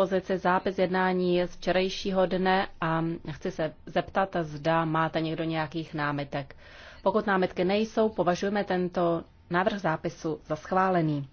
dispozici zápis jednání z včerejšího dne a chci se zeptat, zda máte někdo nějakých námitek. Pokud námitky nejsou, považujeme tento návrh zápisu za schválený.